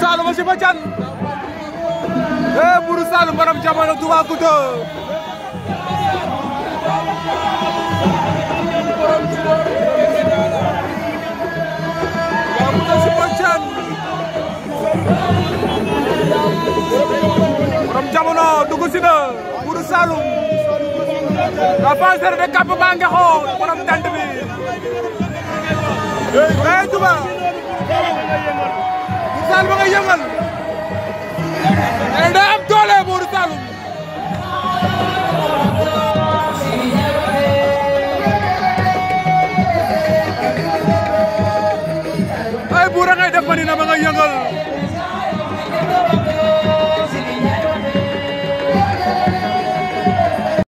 Saloum a sifa can ee Buur Saloum borom jamono Toubacouta Toubacouta sifa can borom jamono dugg si na Buur Saloum la passer de cap baa ngi xool borom tànt bi ee Touba Fall ba nga yëngal day am doole Modou ay buura ngay def ma dina ba